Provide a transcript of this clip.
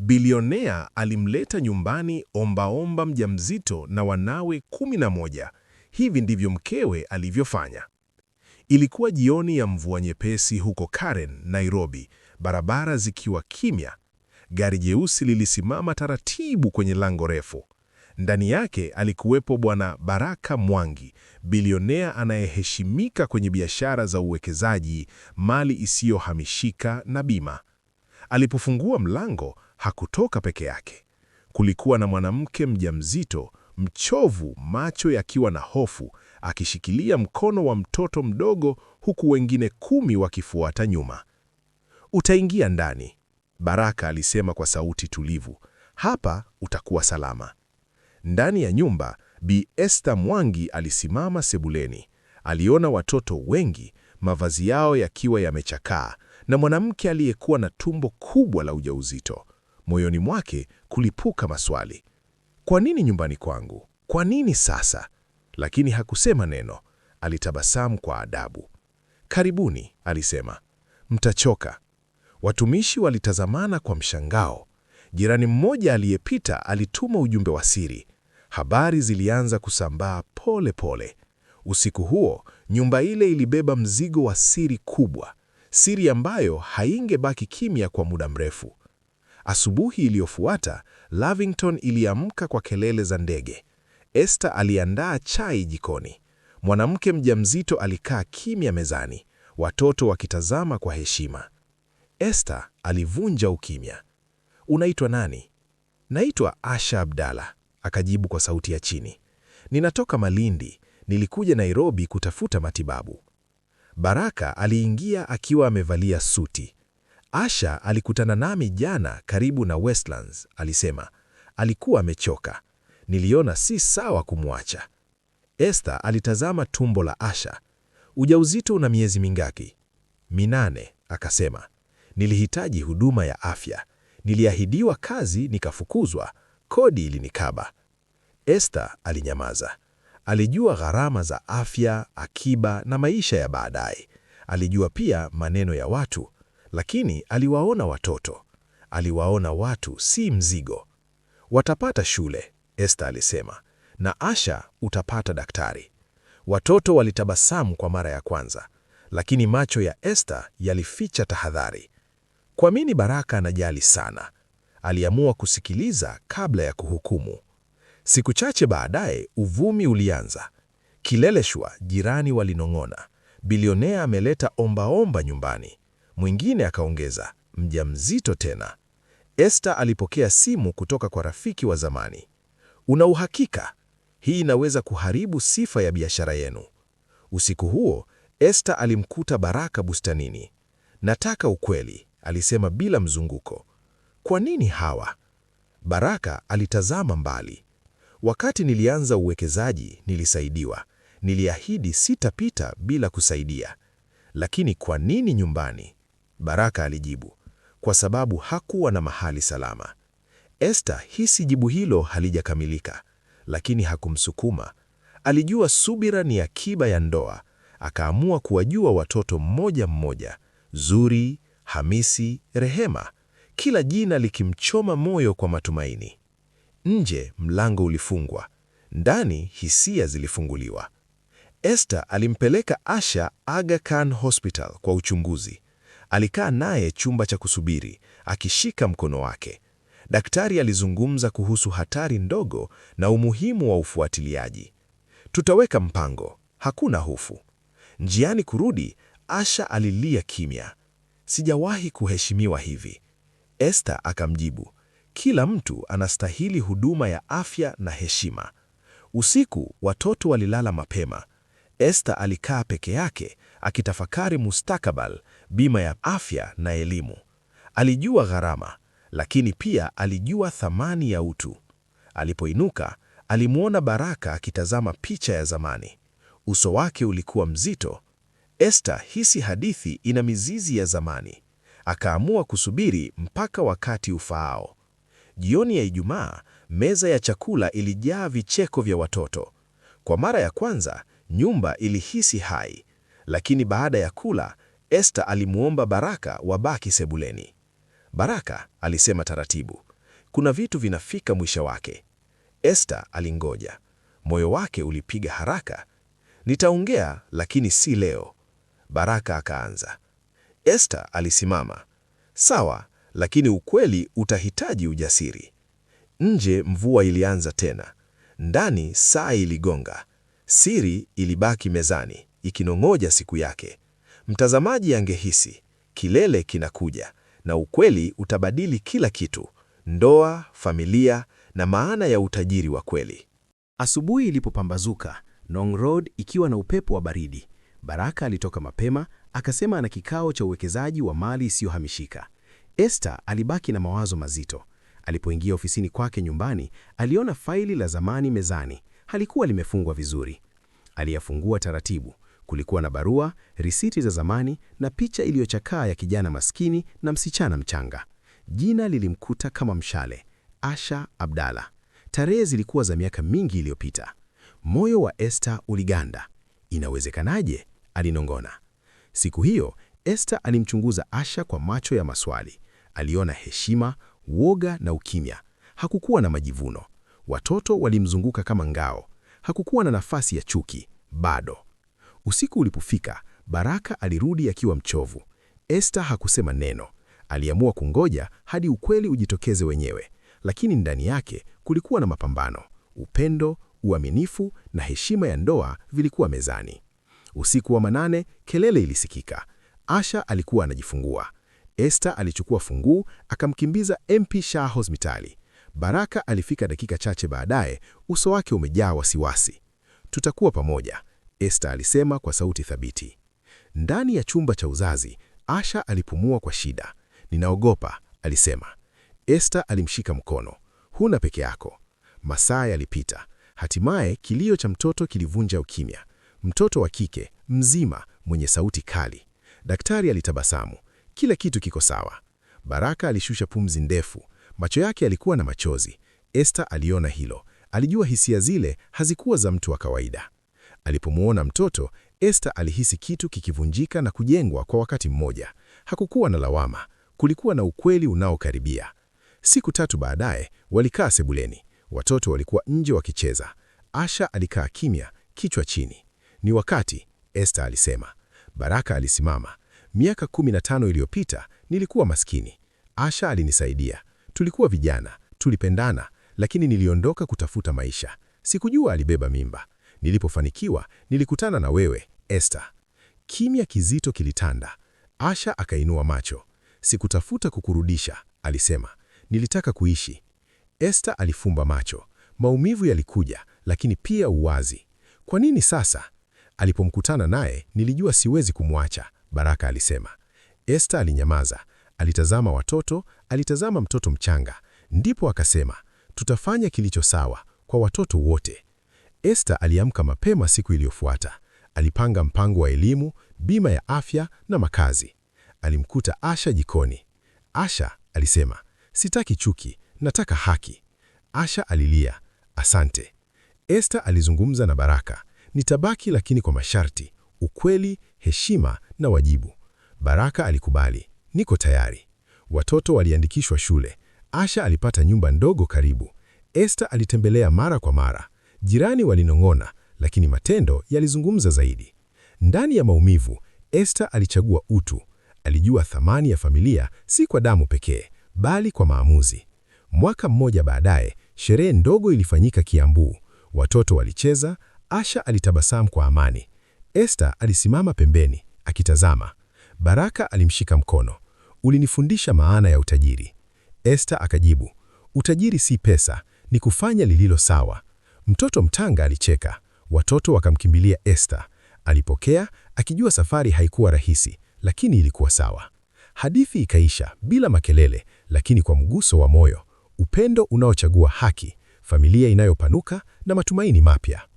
Bilionea alimleta nyumbani ombaomba mjamzito na wanawe kumi na moja. Hivi ndivyo mkewe alivyofanya. Ilikuwa jioni ya mvua nyepesi huko Karen, Nairobi, barabara zikiwa kimya. Gari jeusi lilisimama taratibu kwenye lango refu. Ndani yake alikuwepo Bwana Baraka Mwangi, bilionea anayeheshimika kwenye biashara za uwekezaji, mali isiyohamishika na bima. Alipofungua mlango, hakutoka peke yake. Kulikuwa na mwanamke mjamzito, mchovu, macho yakiwa na hofu, akishikilia mkono wa mtoto mdogo, huku wengine kumi wakifuata nyuma. Utaingia ndani, Baraka alisema kwa sauti tulivu. Hapa utakuwa salama. Ndani ya nyumba, Bi Esther Mwangi alisimama sebuleni. Aliona watoto wengi, mavazi yao yakiwa yamechakaa, na mwanamke aliyekuwa na tumbo kubwa la ujauzito. Moyoni mwake kulipuka maswali: kwa nini nyumbani kwangu? Kwa nini sasa? Lakini hakusema neno, alitabasamu kwa adabu. Karibuni, alisema, mtachoka. Watumishi walitazamana kwa mshangao. Jirani mmoja aliyepita alituma ujumbe wa siri. Habari zilianza kusambaa pole pole. Usiku huo nyumba ile ilibeba mzigo wa siri kubwa, siri ambayo haingebaki kimya kwa muda mrefu. Asubuhi iliyofuata, Lavington iliamka kwa kelele za ndege. Esther aliandaa chai jikoni. Mwanamke mjamzito alikaa kimya mezani, watoto wakitazama kwa heshima. Esther alivunja ukimya. Unaitwa nani? Naitwa Asha Abdalla, akajibu kwa sauti ya chini. Ninatoka Malindi, nilikuja Nairobi kutafuta matibabu. Baraka aliingia akiwa amevalia suti. Asha alikutana nami jana karibu na Westlands, alisema. Alikuwa amechoka. Niliona si sawa kumwacha. Esther alitazama tumbo la Asha. Ujauzito una miezi mingapi? Minane, akasema. Nilihitaji huduma ya afya. Niliahidiwa kazi nikafukuzwa. Kodi ilinikaba. Esther alinyamaza. Alijua gharama za afya, akiba na maisha ya baadaye. Alijua pia maneno ya watu lakini aliwaona watoto, aliwaona watu si mzigo. Watapata shule, este alisema, na Asha utapata daktari. Watoto walitabasamu kwa mara ya kwanza, lakini macho ya este yalificha tahadhari. Kwa nini Baraka anajali sana? Aliamua kusikiliza kabla ya kuhukumu. Siku chache baadaye uvumi ulianza. Kileleshwa jirani walinong'ona, bilionea ameleta ombaomba nyumbani. Mwingine akaongeza, mjamzito tena. Esther alipokea simu kutoka kwa rafiki wa zamani. Una uhakika? Hii inaweza kuharibu sifa ya biashara yenu. Usiku huo Esther alimkuta Baraka bustanini. Nataka ukweli, alisema bila mzunguko. Kwa nini hawa? Baraka alitazama mbali. Wakati nilianza uwekezaji nilisaidiwa, niliahidi sitapita bila kusaidia. Lakini kwa nini nyumbani? Baraka alijibu, kwa sababu hakuwa na mahali salama. Esta hisi jibu hilo halijakamilika, lakini hakumsukuma. Alijua subira ni akiba ya ndoa, akaamua kuwajua watoto mmoja mmoja, Zuri, Hamisi, Rehema, kila jina likimchoma moyo kwa matumaini. Nje mlango ulifungwa, ndani hisia zilifunguliwa. Esta alimpeleka Asha Aga Khan Hospital kwa uchunguzi. Alikaa naye chumba cha kusubiri, akishika mkono wake. Daktari alizungumza kuhusu hatari ndogo na umuhimu wa ufuatiliaji. Tutaweka mpango, hakuna hofu. Njiani kurudi, Asha alilia kimya. Sijawahi kuheshimiwa hivi. Esther akamjibu, kila mtu anastahili huduma ya afya na heshima. Usiku watoto walilala mapema. Esther alikaa peke yake akitafakari mustakabali, bima ya afya na elimu. Alijua gharama, lakini pia alijua thamani ya utu. Alipoinuka, alimwona Baraka akitazama picha ya zamani. Uso wake ulikuwa mzito. Esta hisi hadithi ina mizizi ya zamani. Akaamua kusubiri mpaka wakati ufaao. Jioni ya Ijumaa, meza ya chakula ilijaa vicheko vya watoto. Kwa mara ya kwanza, nyumba ilihisi hai lakini baada ya kula Esther alimwomba Baraka wabaki sebuleni. Baraka alisema taratibu, kuna vitu vinafika mwisho wake. Esther alingoja, moyo wake ulipiga haraka. Nitaongea lakini si leo, Baraka akaanza. Esther alisimama, sawa, lakini ukweli utahitaji ujasiri. Nje mvua ilianza tena, ndani saa iligonga, siri ilibaki mezani ikinong'oja siku yake. Mtazamaji angehisi kilele kinakuja na ukweli utabadili kila kitu: ndoa, familia na maana ya utajiri wa kweli. Asubuhi ilipopambazuka, Nong Road ikiwa na upepo wa baridi, Baraka alitoka mapema, akasema ana kikao cha uwekezaji wa mali isiyohamishika. Esther alibaki na mawazo mazito. Alipoingia ofisini kwake nyumbani, aliona faili la zamani mezani, halikuwa limefungwa vizuri. Aliyafungua taratibu. Kulikuwa na barua, risiti za zamani na picha iliyochakaa ya kijana maskini na msichana mchanga. Jina lilimkuta kama mshale, Asha Abdalla. Tarehe zilikuwa za miaka mingi iliyopita. Moyo wa Esther uliganda. Inawezekanaje? alinong'ona. Siku hiyo Esther alimchunguza Asha kwa macho ya maswali. Aliona heshima, woga na ukimya. Hakukuwa na majivuno. Watoto walimzunguka kama ngao. Hakukuwa na nafasi ya chuki bado. Usiku ulipofika, Baraka alirudi akiwa mchovu. Esther hakusema neno. Aliamua kungoja hadi ukweli ujitokeze wenyewe, lakini ndani yake kulikuwa na mapambano. Upendo, uaminifu na heshima ya ndoa vilikuwa mezani. Usiku wa manane, kelele ilisikika. Asha alikuwa anajifungua. Esther alichukua funguu akamkimbiza MP Shah hospitali. Baraka alifika dakika chache baadaye, uso wake umejaa wasiwasi. Tutakuwa pamoja, Esther alisema kwa sauti thabiti. Ndani ya chumba cha uzazi, Asha alipumua kwa shida. Ninaogopa, alisema. Esther alimshika mkono. Huna peke yako. Masaa yalipita. Hatimaye kilio cha mtoto kilivunja ukimya. Mtoto wa kike, mzima, mwenye sauti kali. Daktari alitabasamu. Kila kitu kiko sawa. Baraka alishusha pumzi ndefu. Macho yake yalikuwa na machozi. Esther aliona hilo. Alijua hisia zile hazikuwa za mtu wa kawaida. Alipomwona mtoto, Esther alihisi kitu kikivunjika na kujengwa kwa wakati mmoja. Hakukuwa na lawama, kulikuwa na ukweli unaokaribia. Siku tatu baadaye, walikaa sebuleni. Watoto walikuwa nje wakicheza. Asha alikaa kimya, kichwa chini. Ni wakati, Esther alisema. Baraka alisimama. Miaka 15 iliyopita nilikuwa maskini. Asha alinisaidia. Tulikuwa vijana, tulipendana, lakini niliondoka kutafuta maisha. Sikujua alibeba mimba. Nilipofanikiwa, nilikutana na wewe, Esther. Kimya kizito kilitanda. Asha akainua macho. Sikutafuta kukurudisha, alisema. Nilitaka kuishi. Esther alifumba macho. Maumivu yalikuja, lakini pia uwazi. Kwa nini sasa? Alipomkutana naye, nilijua siwezi kumwacha, Baraka alisema. Esther alinyamaza, alitazama watoto, alitazama mtoto mchanga. Ndipo akasema, tutafanya kilicho sawa kwa watoto wote. Esther aliamka mapema siku iliyofuata. Alipanga mpango wa elimu, bima ya afya na makazi. Alimkuta Asha jikoni. Asha alisema, sitaki chuki, nataka haki. Asha alilia, asante. Esther alizungumza na Baraka, nitabaki lakini kwa masharti, ukweli, heshima na wajibu. Baraka alikubali, niko tayari. Watoto waliandikishwa shule. Asha alipata nyumba ndogo karibu. Esther alitembelea mara kwa mara. Jirani walinong'ona, lakini matendo yalizungumza zaidi. Ndani ya maumivu, Esther alichagua utu. Alijua thamani ya familia si kwa damu pekee, bali kwa maamuzi. Mwaka mmoja baadaye, sherehe ndogo ilifanyika Kiambu. Watoto walicheza, Asha alitabasamu kwa amani. Esther alisimama pembeni akitazama. Baraka alimshika mkono. Ulinifundisha maana ya utajiri. Esther akajibu, utajiri si pesa, ni kufanya lililo sawa. Mtoto mtanga alicheka, watoto wakamkimbilia Esther. Alipokea akijua safari haikuwa rahisi, lakini ilikuwa sawa. Hadithi ikaisha bila makelele, lakini kwa mguso wa moyo, upendo unaochagua haki, familia inayopanuka na matumaini mapya.